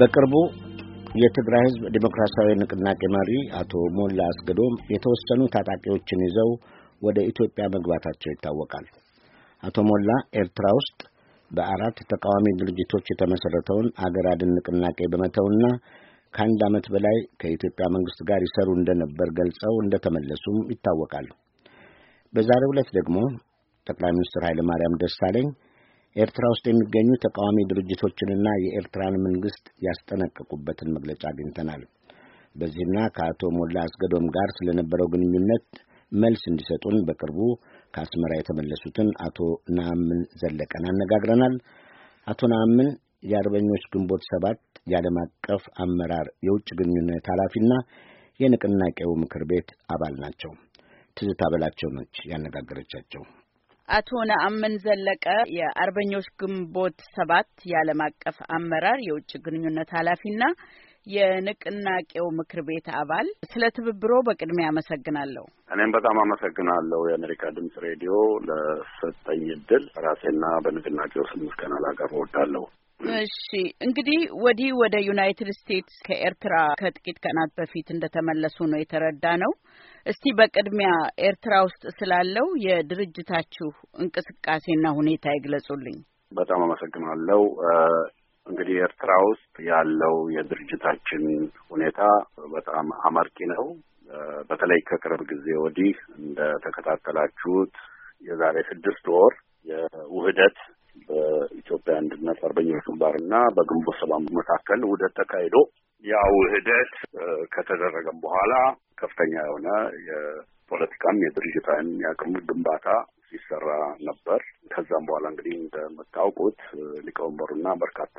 በቅርቡ የትግራይ ህዝብ ዴሞክራሲያዊ ንቅናቄ መሪ አቶ ሞላ አስገዶም የተወሰኑ ታጣቂዎችን ይዘው ወደ ኢትዮጵያ መግባታቸው ይታወቃል። አቶ ሞላ ኤርትራ ውስጥ በአራት ተቃዋሚ ድርጅቶች የተመሠረተውን አገር አድን ንቅናቄ በመተውና ከአንድ ዓመት በላይ ከኢትዮጵያ መንግሥት ጋር ይሰሩ እንደነበር ገልጸው እንደተመለሱም ይታወቃል። በዛሬው ዕለት ደግሞ ጠቅላይ ሚኒስትር ኃይለ ማርያም ደሳለኝ ኤርትራ ውስጥ የሚገኙ ተቃዋሚ ድርጅቶችንና የኤርትራን መንግስት ያስጠነቀቁበትን መግለጫ አግኝተናል። በዚህና ከአቶ ሞላ አስገዶም ጋር ስለነበረው ግንኙነት መልስ እንዲሰጡን በቅርቡ ከአስመራ የተመለሱትን አቶ ናምን ዘለቀን አነጋግረናል። አቶ ናምን የአርበኞች ግንቦት ሰባት የዓለም አቀፍ አመራር የውጭ ግንኙነት ኃላፊና የንቅናቄው ምክር ቤት አባል ናቸው። ትዝታ በላቸው ነች ያነጋገረቻቸው። አቶ ነአምን ዘለቀ የአርበኞች ግንቦት ሰባት የዓለም አቀፍ አመራር የውጭ ግንኙነት ኃላፊና የንቅናቄው ምክር ቤት አባል፣ ስለ ትብብሮ በቅድሚያ አመሰግናለሁ። እኔም በጣም አመሰግናለሁ የአሜሪካ ድምጽ ሬዲዮ ለሰጠኝ እድል ራሴና በንቅናቄው ስም ምስጋና ላቀርብ እወዳለሁ። እሺ እንግዲህ ወዲህ ወደ ዩናይትድ ስቴትስ ከኤርትራ ከጥቂት ቀናት በፊት እንደተመለሱ ነው የተረዳ ነው። እስቲ በቅድሚያ ኤርትራ ውስጥ ስላለው የድርጅታችሁ እንቅስቃሴና ሁኔታ ይግለጹልኝ። በጣም አመሰግናለሁ። እንግዲህ ኤርትራ ውስጥ ያለው የድርጅታችን ሁኔታ በጣም አመርቂ ነው። በተለይ ከቅርብ ጊዜ ወዲህ እንደተከታተላችሁት የዛሬ ስድስት ወር የውህደት በኢትዮጵያ አንድነት አርበኞች ግንባርና በግንቦት ሰባ መካከል ውህደት ተካሂዶ ያው ውህደት ከተደረገም በኋላ ከፍተኛ የሆነ የፖለቲካም የድርጅታን የአቅም ግንባታ ሲሰራ ነበር። ከዛም በኋላ እንግዲህ እንደምታውቁት ሊቀወንበሩና በርካታ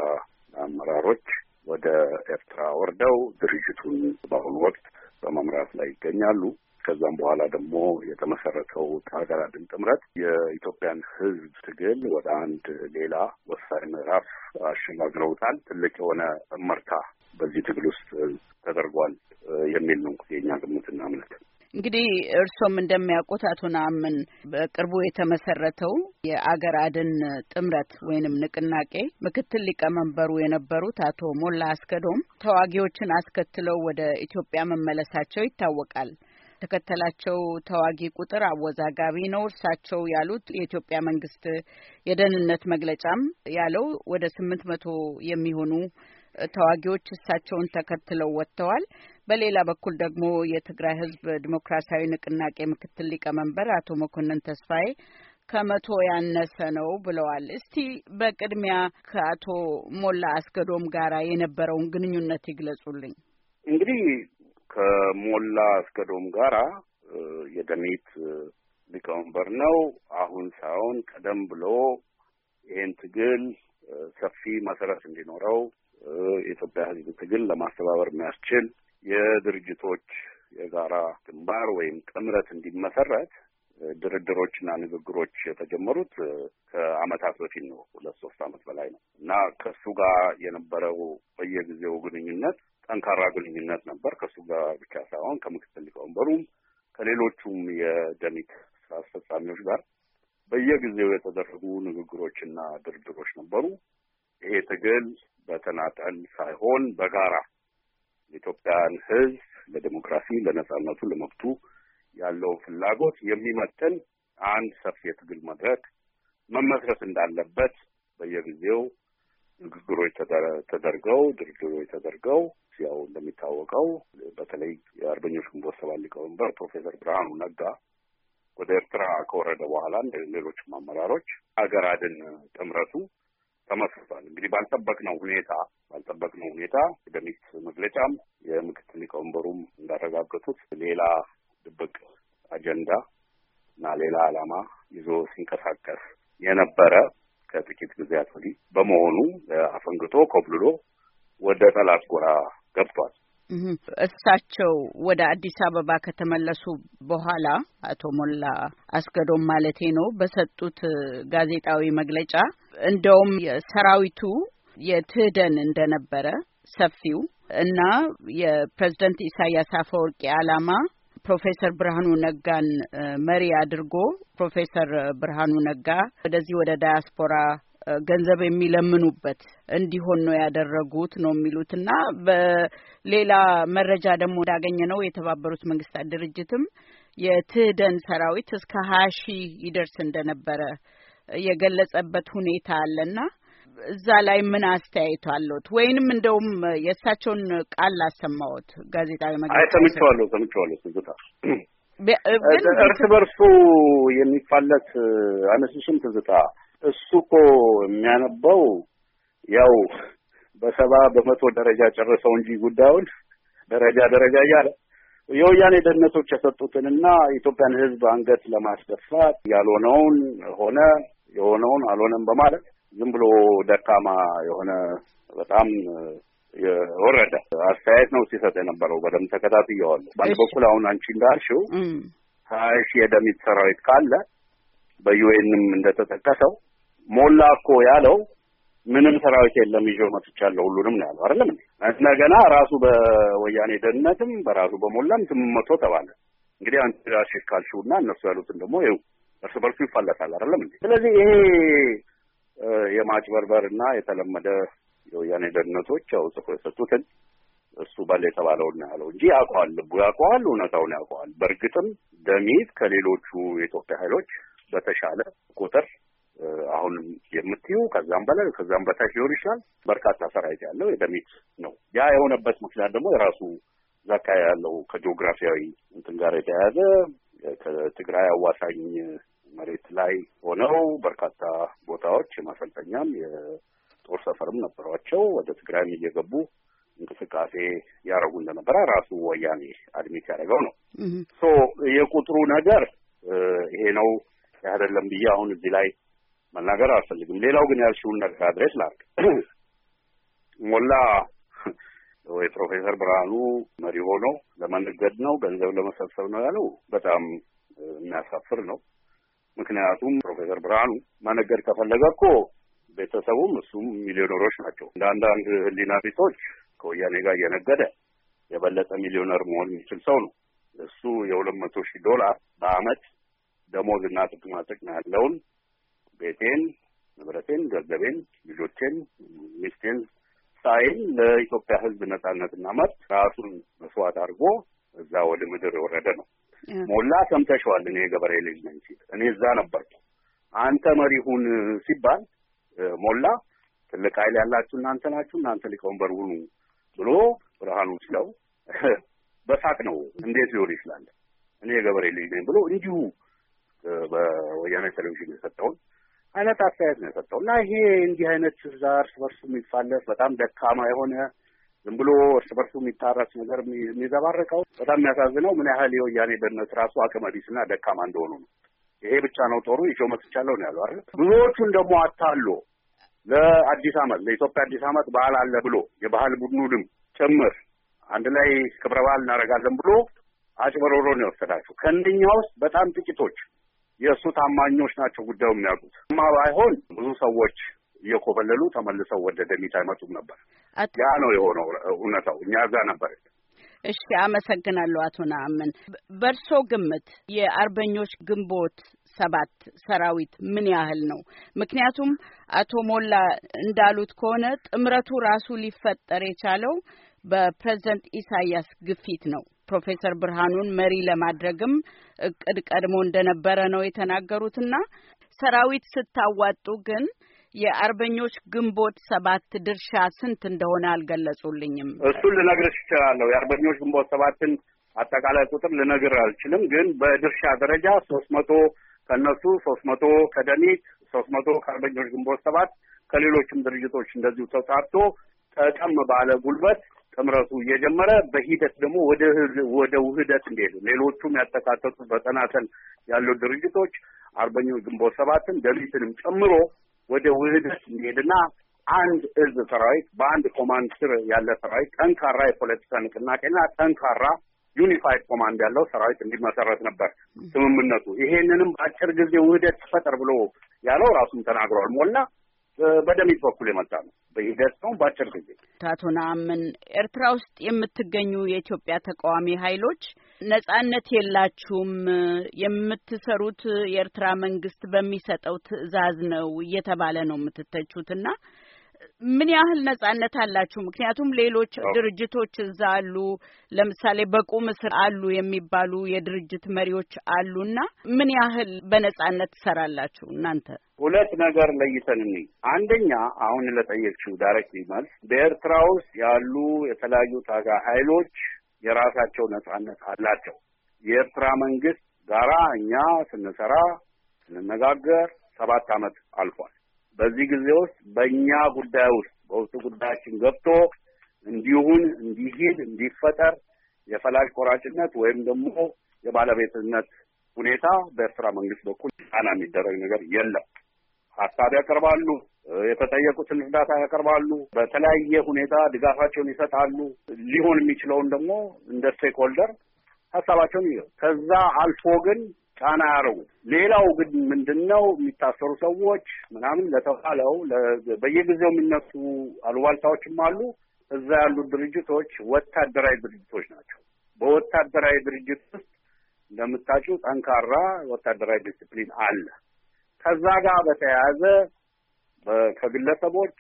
አመራሮች ወደ ኤርትራ ወርደው ድርጅቱን በአሁኑ ወቅት በመምራት ላይ ይገኛሉ። ከዛም በኋላ ደግሞ የተመሰረተው ሀገር አድን ጥምረት የኢትዮጵያን ሕዝብ ትግል ወደ አንድ ሌላ ወሳኝ ምዕራፍ አሸጋግረውታል። ትልቅ የሆነ እመርታ በዚህ ትግል ውስጥ ተደርጓል የሚል ነው የእኛ ግምትና እምነት። እንግዲህ እርሶም እንደሚያውቁት አቶ ናምን በቅርቡ የተመሰረተው የአገር አድን ጥምረት ወይንም ንቅናቄ ምክትል ሊቀመንበሩ የነበሩት አቶ ሞላ አስከዶም ተዋጊዎችን አስከትለው ወደ ኢትዮጵያ መመለሳቸው ይታወቃል። ተከተላቸው ተዋጊ ቁጥር አወዛጋቢ ነው። እርሳቸው ያሉት የኢትዮጵያ መንግስት የደህንነት መግለጫም ያለው ወደ ስምንት መቶ የሚሆኑ ተዋጊዎች እሳቸውን ተከትለው ወጥተዋል። በሌላ በኩል ደግሞ የትግራይ ህዝብ ዲሞክራሲያዊ ንቅናቄ ምክትል ሊቀመንበር አቶ መኮንን ተስፋዬ ከመቶ ያነሰ ነው ብለዋል። እስቲ በቅድሚያ ከአቶ ሞላ አስገዶም ጋራ የነበረውን ግንኙነት ይግለጹልኝ። እንግዲህ ከሞላ አስገዶም ጋራ የደሚት ሊቀመንበር ነው። አሁን ሳይሆን ቀደም ብሎ ይህን ትግል ሰፊ መሰረት እንዲኖረው የኢትዮጵያ ሕዝብ ትግል ለማስተባበር የሚያስችል የድርጅቶች የጋራ ግንባር ወይም ጥምረት እንዲመሰረት ድርድሮችና ንግግሮች የተጀመሩት ከአመታት በፊት ነው። ሁለት ሶስት ዓመት በላይ ነው እና ከእሱ ጋር የነበረው በየጊዜው ግንኙነት ጠንካራ ግንኙነት ነበር። ከእሱ ጋር ብቻ ሳይሆን ከምክትል ሊቀመንበሩም ከሌሎቹም የደሚት ስራ አስፈጻሚዎች ጋር በየጊዜው የተደረጉ ንግግሮችና ድርድሮች ነበሩ። ይሄ ትግል በተናጠል ሳይሆን በጋራ የኢትዮጵያን ሕዝብ ለዲሞክራሲ፣ ለነጻነቱ፣ ለመብቱ ያለው ፍላጎት የሚመጥን አንድ ሰፊ የትግል መድረክ መመስረት እንዳለበት በየጊዜው ንግግሮች ተደርገው ድርድሮች ተደርገው ያው እንደሚታወቀው በተለይ የአርበኞች ግንቦት ሰባት ሊቀመንበር ፕሮፌሰር ብርሃኑ ነጋ ወደ ኤርትራ ከወረደ በኋላ ሌሎችም አመራሮች ሀገር አድን ጥምረቱ ተመስርቷል። እንግዲህ ባልጠበቅነው ሁኔታ ባልጠበቅነው ሁኔታ ደሚት መግለጫም የምክትል ሊቀመንበሩም እንዳረጋገጡት ሌላ ድብቅ አጀንዳ እና ሌላ ዓላማ ይዞ ሲንቀሳቀስ የነበረ ከጥቂት ጊዜያት ወዲህ በመሆኑ አፈንግቶ ኮብልሎ ወደ ጠላት ጎራ ገብቷል። እሳቸው ወደ አዲስ አበባ ከተመለሱ በኋላ አቶ ሞላ አስገዶም ማለቴ ነው በሰጡት ጋዜጣዊ መግለጫ እንደውም የሰራዊቱ የትህደን እንደነበረ ሰፊው እና የፕሬዝደንት ኢሳያስ አፈወርቂ አላማ ፕሮፌሰር ብርሃኑ ነጋን መሪ አድርጎ ፕሮፌሰር ብርሃኑ ነጋ ወደዚህ ወደ ዳያስፖራ ገንዘብ የሚለምኑበት እንዲሆን ነው ያደረጉት ነው የሚሉት እና በሌላ መረጃ ደግሞ እንዳገኘ ነው የተባበሩት መንግስታት ድርጅትም የትህደን ሰራዊት እስከ ሀያ ሺህ ይደርስ እንደነበረ የገለጸበት ሁኔታ አለና እዛ ላይ ምን አስተያየቱ አለት? ወይንም እንደውም የእሳቸውን ቃል ላሰማዎት። ጋዜጣዊ መግለጫ ሰምቼዋለሁ፣ ሰምቼዋለሁ ትዝታ እርስ በርሱ የሚፋለት አነስሽም ትዝታ እሱ እኮ የሚያነበው ያው በሰባ በመቶ ደረጃ ጨርሰው እንጂ ጉዳዩን ደረጃ ደረጃ እያለ የወያኔ ደህንነቶች የሰጡትንና ኢትዮጵያን ሕዝብ አንገት ለማስደፋት ያልሆነውን ሆነ የሆነውን አልሆነም በማለት ዝም ብሎ ደካማ የሆነ በጣም የወረደ አስተያየት ነው ሲሰጥ የነበረው። በደንብ ተከታትየዋለሁ። በአንድ በኩል አሁን አንቺ እንዳልሽው ሀያ ሺህ የደሚት ሰራዊት ካለ በዩኤንም እንደተጠቀሰው ሞላ እኮ ያለው ምንም ሰራዊት የለም ይዤው መጥቻለሁ ሁሉንም ነው ያለው አይደለም እንደገና ራሱ በወያኔ ደህንነትም በራሱ በሞላም ስምንት መቶ ተባለ እንግዲህ አንቺ ራስሽ ካልሽው እና እነሱ ያሉትን ደግሞ ይኸው እርስ በርሱ ይፋለታል አይደለም እንዴ? ስለዚህ ይሄ የማጭበርበር እና የተለመደ የወያኔ ደህንነቶች ያው ጽፎ የሰጡትን እሱ ባለ የተባለውን ያለው እንጂ ያውቀዋል፣ ልቡ ያውቀዋል፣ እውነታውን ያውቀዋል። በእርግጥም ደሚት ከሌሎቹ የኢትዮጵያ ኃይሎች በተሻለ ቁጥር አሁንም የምትዩ ከዛም በላይ ከዛም በታች ሊሆን ይችላል። በርካታ ሰራዊት ያለው የደሚት ነው። ያ የሆነበት ምክንያት ደግሞ የራሱ ዛካ ያለው ከጂኦግራፊያዊ እንትን ጋር የተያያዘ ከትግራይ አዋሳኝ መሬት ላይ ሆነው በርካታ ቦታዎች የማሰልጠኛም የጦር ሰፈርም ነበሯቸው። ወደ ትግራይም እየገቡ እንቅስቃሴ ያደረጉ እንደነበረ ራሱ ወያኔ አድሚት ያደረገው ነው። ሶ የቁጥሩ ነገር ይሄ ነው አይደለም ብዬ አሁን እዚህ ላይ መናገር አልፈልግም። ሌላው ግን ያልሽውን ነገር አድሬስ ላድርግ። ሞላ ፕሮፌሰር ብርሃኑ መሪ ሆኖ ለመነገድ ነው ገንዘብ ለመሰብሰብ ነው ያለው በጣም የሚያሳፍር ነው። ምክንያቱም ፕሮፌሰር ብርሃኑ መነገድ ከፈለገ እኮ ቤተሰቡም እሱም ሚሊዮነሮች ናቸው። እንደ አንዳንድ ሕሊና ቢሶች ከወያኔ ጋር እየነገደ የበለጠ ሚሊዮነር መሆን የሚችል ሰው ነው። እሱ የሁለት መቶ ሺህ ዶላር በአመት ደሞዝና ጥቅማ ጥቅም ያለውን ቤቴን፣ ንብረቴን፣ ገንዘቤን፣ ልጆቼን፣ ሚስቴን ሳይል ለኢትዮጵያ ሕዝብ ነጻነትና መብት ራሱን መስዋዕት አድርጎ እዛ ወደ ምድር የወረደ ነው። ሞላ ሰምተሸዋል። እኔ የገበሬ ልጅ ነኝ ሲል እኔ እዛ ነበርኩ። አንተ መሪሁን ሲባል ሞላ ትልቅ ኃይል ያላችሁ እናንተ ናችሁ፣ እናንተ ሊቀመንበር ሁኑ ብሎ ብርሃኑ ሲለው በሳቅ ነው እንዴት ሊሆን ይችላል እኔ የገበሬ ልጅ ነኝ ብሎ እንዲሁ በወያኔ ቴሌቪዥን የሰጠውን አይነት አስተያየት ነው የሰጠው እና ይሄ እንዲህ አይነት እዛ እርስ በርሱ የሚፋለስ በጣም ደካማ የሆነ ዝም ብሎ እርስ በርሱ የሚታረስ ነገር የሚዘባረቀው በጣም የሚያሳዝነው ምን ያህል የወያኔ ደነት ራሱ አቅመ ቢስ አቅመቢስና ደካማ እንደሆኑ ነው። ይሄ ብቻ ነው ጦሩ ይሾ መስቻለሁ ነው ያሉ አይደል። ብዙዎቹን ደግሞ አታሎ ለአዲስ አመት ለኢትዮጵያ አዲስ አመት በዓል አለ ብሎ የባህል ቡድኑ ድም ጭምር አንድ ላይ ክብረ በዓል እናደርጋለን ብሎ አጭበሮሮ ነው የወሰዳቸው። ከእንደኛ ውስጥ በጣም ጥቂቶች የእሱ ታማኞች ናቸው ጉዳዩ የሚያውቁት እማ ባይሆን ብዙ ሰዎች እየኮበለሉ ተመልሰው ወደ ደሚት አይመጡም ነበር። ያ ነው የሆነው እውነታው። እኛ እዛ ነበር። እሺ፣ አመሰግናለሁ አቶ ነአምን። በእርሶ ግምት የአርበኞች ግንቦት ሰባት ሰራዊት ምን ያህል ነው? ምክንያቱም አቶ ሞላ እንዳሉት ከሆነ ጥምረቱ ራሱ ሊፈጠር የቻለው በፕሬዝደንት ኢሳያስ ግፊት ነው። ፕሮፌሰር ብርሃኑን መሪ ለማድረግም እቅድ ቀድሞ እንደነበረ ነው የተናገሩትና ሰራዊት ስታዋጡ ግን የአርበኞች ግንቦት ሰባት ድርሻ ስንት እንደሆነ አልገለጹልኝም። እሱን ልነግርሽ እችላለሁ። የአርበኞች ግንቦት ሰባትን አጠቃላይ ቁጥር ልነግር አልችልም። ግን በድርሻ ደረጃ ሶስት መቶ ከእነሱ ሶስት መቶ ከደሚቅ ሶስት መቶ ከአርበኞች ግንቦት ሰባት ከሌሎችም ድርጅቶች እንደዚሁ ተውጣቶ ጠቀም ባለ ጉልበት ጥምረቱ እየጀመረ በሂደት ደግሞ ወደ ውህደት እንዲሄዱ ሌሎቹም ያተካተቱ በጠናተን ያሉ ድርጅቶች አርበኞች ግንቦት ሰባትን ደሊትንም ጨምሮ ወደ ውህደት እንዲሄድና አንድ እዝ ሰራዊት በአንድ ኮማንድ ስር ያለ ሰራዊት ጠንካራ የፖለቲካ ንቅናቄና ጠንካራ ዩኒፋይድ ኮማንድ ያለው ሰራዊት እንዲመሰረት ነበር ስምምነቱ። ይሄንንም በአጭር ጊዜ ውህደት ትፈጠር ብሎ ያለው ራሱም ተናግረዋል ሞላ በደሚት በኩል የመጣ ነው። በሂደት ነው፣ በአጭር ጊዜ። አቶ ነአምን ኤርትራ ውስጥ የምትገኙ የኢትዮጵያ ተቃዋሚ ኃይሎች ነጻነት የላችሁም፣ የምትሰሩት የኤርትራ መንግስት በሚሰጠው ትዕዛዝ ነው እየተባለ ነው የምትተቹትና ምን ያህል ነጻነት አላችሁ? ምክንያቱም ሌሎች ድርጅቶች እዛ አሉ። ለምሳሌ በቁም እስር አሉ የሚባሉ የድርጅት መሪዎች አሉና ምን ያህል በነጻነት ትሰራላችሁ እናንተ? ሁለት ነገር ለይተን እኔ አንደኛ አሁን ለጠየቅችው ዳይሬክት መልስ በኤርትራ ውስጥ ያሉ የተለያዩ ታጋ ኃይሎች የራሳቸው ነጻነት አላቸው። የኤርትራ መንግስት ጋራ እኛ ስንሰራ ስንነጋገር ሰባት ዓመት አልፏል። በዚህ ጊዜ ውስጥ በእኛ ጉዳይ ውስጥ በውስጡ ጉዳያችን ገብቶ እንዲሁን እንዲሂድ እንዲፈጠር የፈላጅ ቆራጭነት ወይም ደግሞ የባለቤትነት ሁኔታ በኤርትራ መንግስት በኩል ጫና የሚደረግ ነገር የለም። ሀሳብ ያቀርባሉ። የተጠየቁትን እርዳታ ያቀርባሉ። በተለያየ ሁኔታ ድጋፋቸውን ይሰጣሉ። ሊሆን የሚችለውን ደግሞ እንደ ስቴክሆልደር ሀሳባቸውን ይ ከዛ አልፎ ግን ጫና ያደረጉ። ሌላው ግን ምንድን ነው የሚታሰሩ ሰዎች ምናምን ለተባለው በየጊዜው የሚነሱ አሉባልታዎችም አሉ። እዛ ያሉ ድርጅቶች ወታደራዊ ድርጅቶች ናቸው። በወታደራዊ ድርጅት ውስጥ እንደምታውቂው ጠንካራ ወታደራዊ ዲስፕሊን አለ። ከዛ ጋር በተያያዘ ከግለሰቦች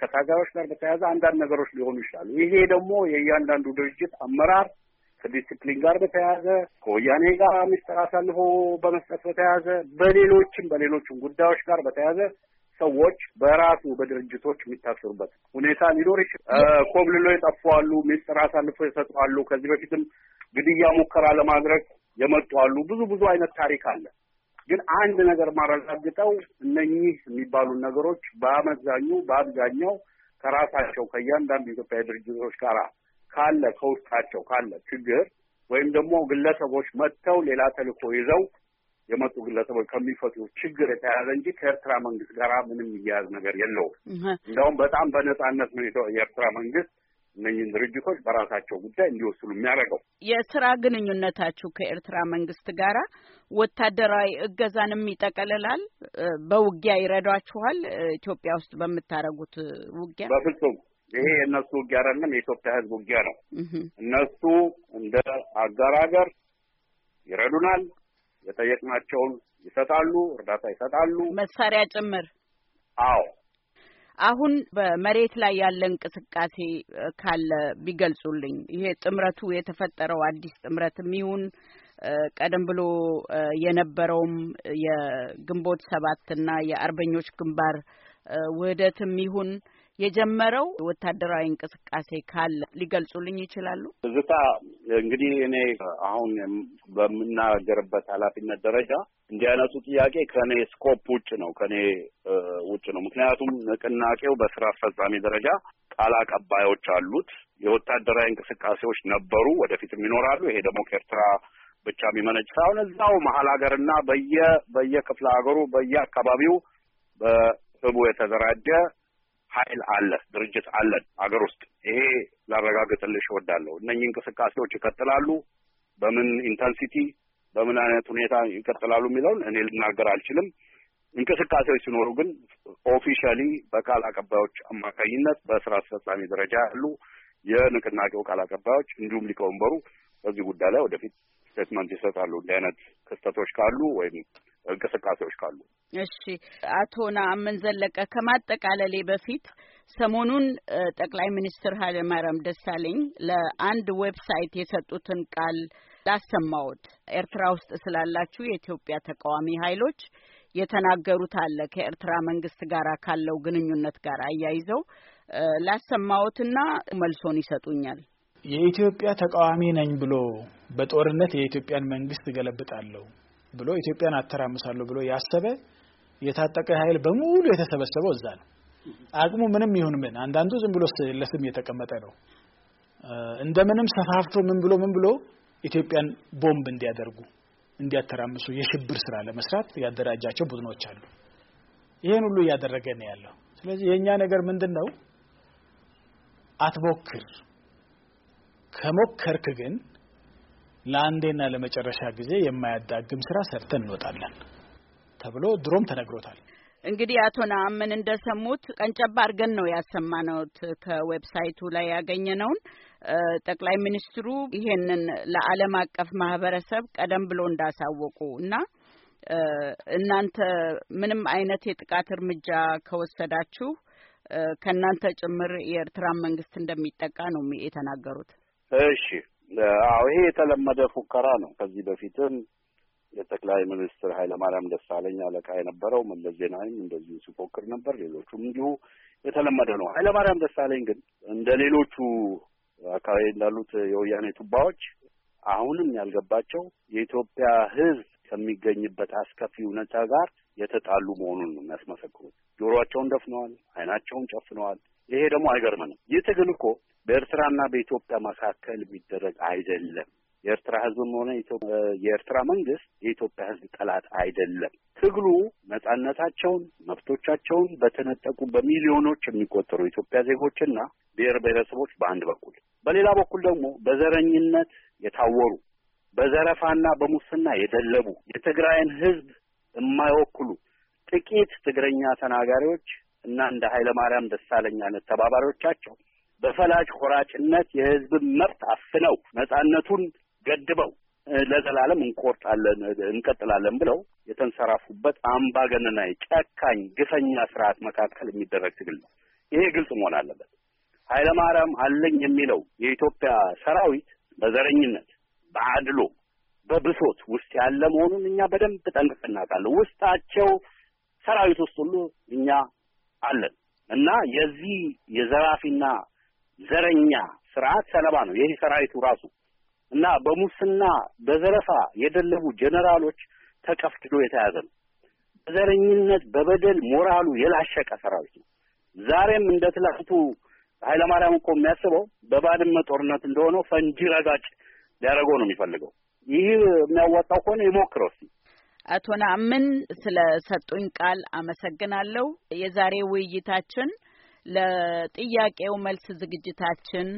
ከታጋዮች ጋር በተያያዘ አንዳንድ ነገሮች ሊሆኑ ይችላሉ። ይሄ ደግሞ የእያንዳንዱ ድርጅት አመራር ከዲስፕሊን ጋር በተያያዘ ከወያኔ ጋር ሚስጥር አሳልፎ በመስጠት በተያያዘ በሌሎችም በሌሎችም ጉዳዮች ጋር በተያያዘ ሰዎች በራሱ በድርጅቶች የሚታሰሩበት ሁኔታ ሊኖር ይችላል። ኮብልሎ የጠፋዋሉ፣ ሚስጥር አሳልፎ የሰጠዋሉ፣ ከዚህ በፊትም ግድያ ሙከራ ለማድረግ የመጡ አሉ። ብዙ ብዙ አይነት ታሪክ አለ። ግን አንድ ነገር ማረጋግጠው እነኚህ የሚባሉ ነገሮች በአመዛኙ በአብዛኛው ከራሳቸው ከእያንዳንዱ ኢትዮጵያ ድርጅቶች ጋር ካለ ከውስጣቸው ካለ ችግር ወይም ደግሞ ግለሰቦች መጥተው ሌላ ተልእኮ ይዘው የመጡ ግለሰቦች ከሚፈቱ ችግር የተያያዘ እንጂ ከኤርትራ መንግስት ጋር ምንም የሚያያዝ ነገር የለውም። እንደውም በጣም በነጻነት ነው የኤርትራ መንግስት እነኝን ድርጅቶች በራሳቸው ጉዳይ እንዲወስሉ የሚያደርገው። የስራ ግንኙነታችሁ ከኤርትራ መንግስት ጋር ወታደራዊ እገዛንም ይጠቀልላል። በውጊያ ይረዷችኋል። ኢትዮጵያ ውስጥ በምታደርጉት ውጊያ በፍጹም ይሄ የእነሱ ውጊያ አይደለም፣ የኢትዮጵያ ህዝብ ውጊያ ነው። እነሱ እንደ አጋር ሀገር ይረዱናል፣ የጠየቅናቸውን ይሰጣሉ፣ እርዳታ ይሰጣሉ፣ መሳሪያ ጭምር። አዎ አሁን በመሬት ላይ ያለ እንቅስቃሴ ካለ ቢገልጹልኝ። ይሄ ጥምረቱ የተፈጠረው አዲስ ጥምረት የሚሆን ቀደም ብሎ የነበረውም የግንቦት ሰባትና የአርበኞች ግንባር ውህደትም ይሁን የጀመረው ወታደራዊ እንቅስቃሴ ካለ ሊገልጹልኝ ይችላሉ? ትዝታ፣ እንግዲህ እኔ አሁን በምናገርበት ኃላፊነት ደረጃ እንዲህ አይነቱ ጥያቄ ከእኔ ስኮፕ ውጭ ነው፣ ከእኔ ውጭ ነው። ምክንያቱም ንቅናቄው በስራ አስፈጻሚ ደረጃ ቃል አቀባዮች አሉት። የወታደራዊ እንቅስቃሴዎች ነበሩ፣ ወደፊትም ይኖራሉ። ይሄ ደግሞ ከኤርትራ ብቻ የሚመነጭ ሳይሆን እዛው መሀል ሀገርና በየ በየክፍለ ሀገሩ በየአካባቢው በህቡ የተደራጀ ኃይል አለ፣ ድርጅት አለን አገር ውስጥ። ይሄ ላረጋግጥልሽ እወዳለሁ። እነኚህ እንቅስቃሴዎች ይቀጥላሉ። በምን ኢንተንሲቲ፣ በምን አይነት ሁኔታ ይቀጥላሉ የሚለውን እኔ ልናገር አልችልም። እንቅስቃሴዎች ሲኖሩ ግን ኦፊሻሊ በቃል አቀባዮች አማካኝነት በስራ አስፈጻሚ ደረጃ ያሉ የንቅናቄው ቃል አቀባዮች እንዲሁም ሊቀወንበሩ በዚህ ጉዳይ ላይ ወደፊት ስቴትመንት ይሰጣሉ። እንዲህ አይነት ክስተቶች ካሉ ወይም እንቅስቃሴዎች ካሉ። እሺ አቶ ነአምን ዘለቀ ከማጠቃለሌ በፊት ሰሞኑን ጠቅላይ ሚኒስትር ኃይለማርያም ደሳለኝ ለአንድ ዌብሳይት የሰጡትን ቃል ላሰማዎት። ኤርትራ ውስጥ ስላላችሁ የኢትዮጵያ ተቃዋሚ ኃይሎች የተናገሩት አለ ከኤርትራ መንግስት ጋር ካለው ግንኙነት ጋር አያይዘው ላሰማዎትና መልሶን ይሰጡኛል። የኢትዮጵያ ተቃዋሚ ነኝ ብሎ በጦርነት የኢትዮጵያን መንግስት እገለብጣለሁ ብሎ ኢትዮጵያን አተራምሳለሁ ብሎ ያሰበ የታጠቀ ኃይል በሙሉ የተሰበሰበው እዛ ነው። አቅሙ ምንም ይሁን ምን፣ አንዳንዱ ዝም ብሎ ለስም የተቀመጠ ነው። እንደምንም ሰፋፍቶ ምን ብሎ ምን ብሎ ኢትዮጵያን ቦምብ እንዲያደርጉ እንዲያተራምሱ የሽብር ስራ ለመስራት ያደራጃቸው ቡድኖች አሉ። ይህን ሁሉ እያደረገ ነው ያለው። ስለዚህ የእኛ ነገር ምንድን ነው? አትሞክር። ከሞከርክ ግን ለአንዴና ለመጨረሻ ጊዜ የማያዳግም ስራ ሰርተን እንወጣለን ተብሎ ድሮም ተነግሮታል። እንግዲህ አቶ ነአምን እንደሰሙት ቀንጨባ አድርገን ነው ያሰማነውት ከዌብሳይቱ ላይ ያገኘነውን። ጠቅላይ ሚኒስትሩ ይሄንን ለዓለም አቀፍ ማህበረሰብ ቀደም ብሎ እንዳሳወቁ እና እናንተ ምንም አይነት የጥቃት እርምጃ ከወሰዳችሁ ከእናንተ ጭምር የኤርትራን መንግስት እንደሚጠቃ ነው የተናገሩት። እሺ አዎ ይሄ የተለመደ ፉከራ ነው። ከዚህ በፊትም የጠቅላይ ሚኒስትር ኃይለማርያም ደሳለኝ አለቃ የነበረው መለስ ዜናዊም እንደዚሁ ሲፎክር ነበር። ሌሎቹም እንዲሁ የተለመደ ነው። ኃይለማርያም ደሳለኝ ግን እንደ ሌሎቹ አካባቢ እንዳሉት የወያኔ ቱባዎች አሁንም ያልገባቸው የኢትዮጵያ ሕዝብ ከሚገኝበት አስከፊ እውነታ ጋር የተጣሉ መሆኑን ነው የሚያስመሰክሩት። ጆሮአቸውን ደፍነዋል፣ አይናቸውን ጨፍነዋል። ይሄ ደግሞ አይገርምንም። ይህ ትግል እኮ በኤርትራና በኢትዮጵያ መካከል የሚደረግ አይደለም። የኤርትራ ህዝብም ሆነ የኤርትራ መንግስት የኢትዮጵያ ህዝብ ጠላት አይደለም። ትግሉ ነጻነታቸውን፣ መብቶቻቸውን በተነጠቁ በሚሊዮኖች የሚቆጠሩ የኢትዮጵያ ዜጎችና ብሔር ብሔረሰቦች በአንድ በኩል፣ በሌላ በኩል ደግሞ በዘረኝነት የታወሩ በዘረፋና በሙስና የደለቡ የትግራይን ህዝብ የማይወክሉ ጥቂት ትግረኛ ተናጋሪዎች እና እንደ ኃይለማርያም ደሳለኝ አይነት ተባባሪዎቻቸው በፈላጅ ቆራጭነት የህዝብን መብት አፍነው ነጻነቱን ገድበው ለዘላለም እንቆርጣለን እንቀጥላለን ብለው የተንሰራፉበት አምባገነናዊ ጨካኝ ግፈኛ ስርዓት መካከል የሚደረግ ትግል ነው። ይሄ ግልጽ መሆን አለበት። ኃይለማርያም አለኝ የሚለው የኢትዮጵያ ሰራዊት በዘረኝነት፣ በአድሎ፣ በብሶት ውስጥ ያለ መሆኑን እኛ በደንብ ጠንቅቀን እናውቃለን። ውስጣቸው ሰራዊት ውስጥ ሁሉ እኛ አለን እና የዚህ የዘራፊና ዘረኛ ስርዓት ሰለባ ነው ይህ ሰራዊቱ ራሱ እና በሙስና በዘረፋ የደለቡ ጀነራሎች ተጨፍድዶ የተያዘ ነው። በዘረኝነት በበደል ሞራሉ የላሸቀ ሰራዊት ነው። ዛሬም እንደ ትላንቱ ኃይለማርያም እኮ የሚያስበው በባድመ ጦርነት እንደሆነው ፈንጂ ረጋጭ ሊያደርገው ነው የሚፈልገው። ይህ የሚያዋጣው ከሆነ ይሞክረው እስኪ። አቶ ናምን ስለ ሰጡኝ ቃል አመሰግናለሁ። የዛሬ ውይይታችን ለጥያቄው መልስ ዝግጅታችን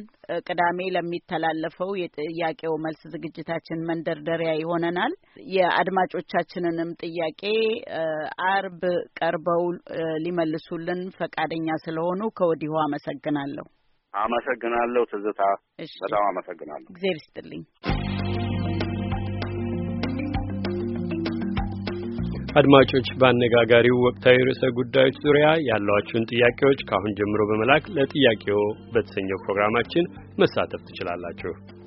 ቅዳሜ ለሚተላለፈው የጥያቄው መልስ ዝግጅታችን መንደርደሪያ ይሆነናል። የአድማጮቻችንንም ጥያቄ አርብ ቀርበው ሊመልሱልን ፈቃደኛ ስለሆኑ ከወዲሁ አመሰግናለሁ። አመሰግናለሁ ትዝታ፣ በጣም አመሰግናለሁ። እግዜር ይስጥልኝ። አድማጮች በአነጋጋሪው ወቅታዊ ርዕሰ ጉዳዮች ዙሪያ ያሏችሁን ጥያቄዎች ከአሁን ጀምሮ በመላክ ለጥያቄው በተሰኘው ፕሮግራማችን መሳተፍ ትችላላችሁ።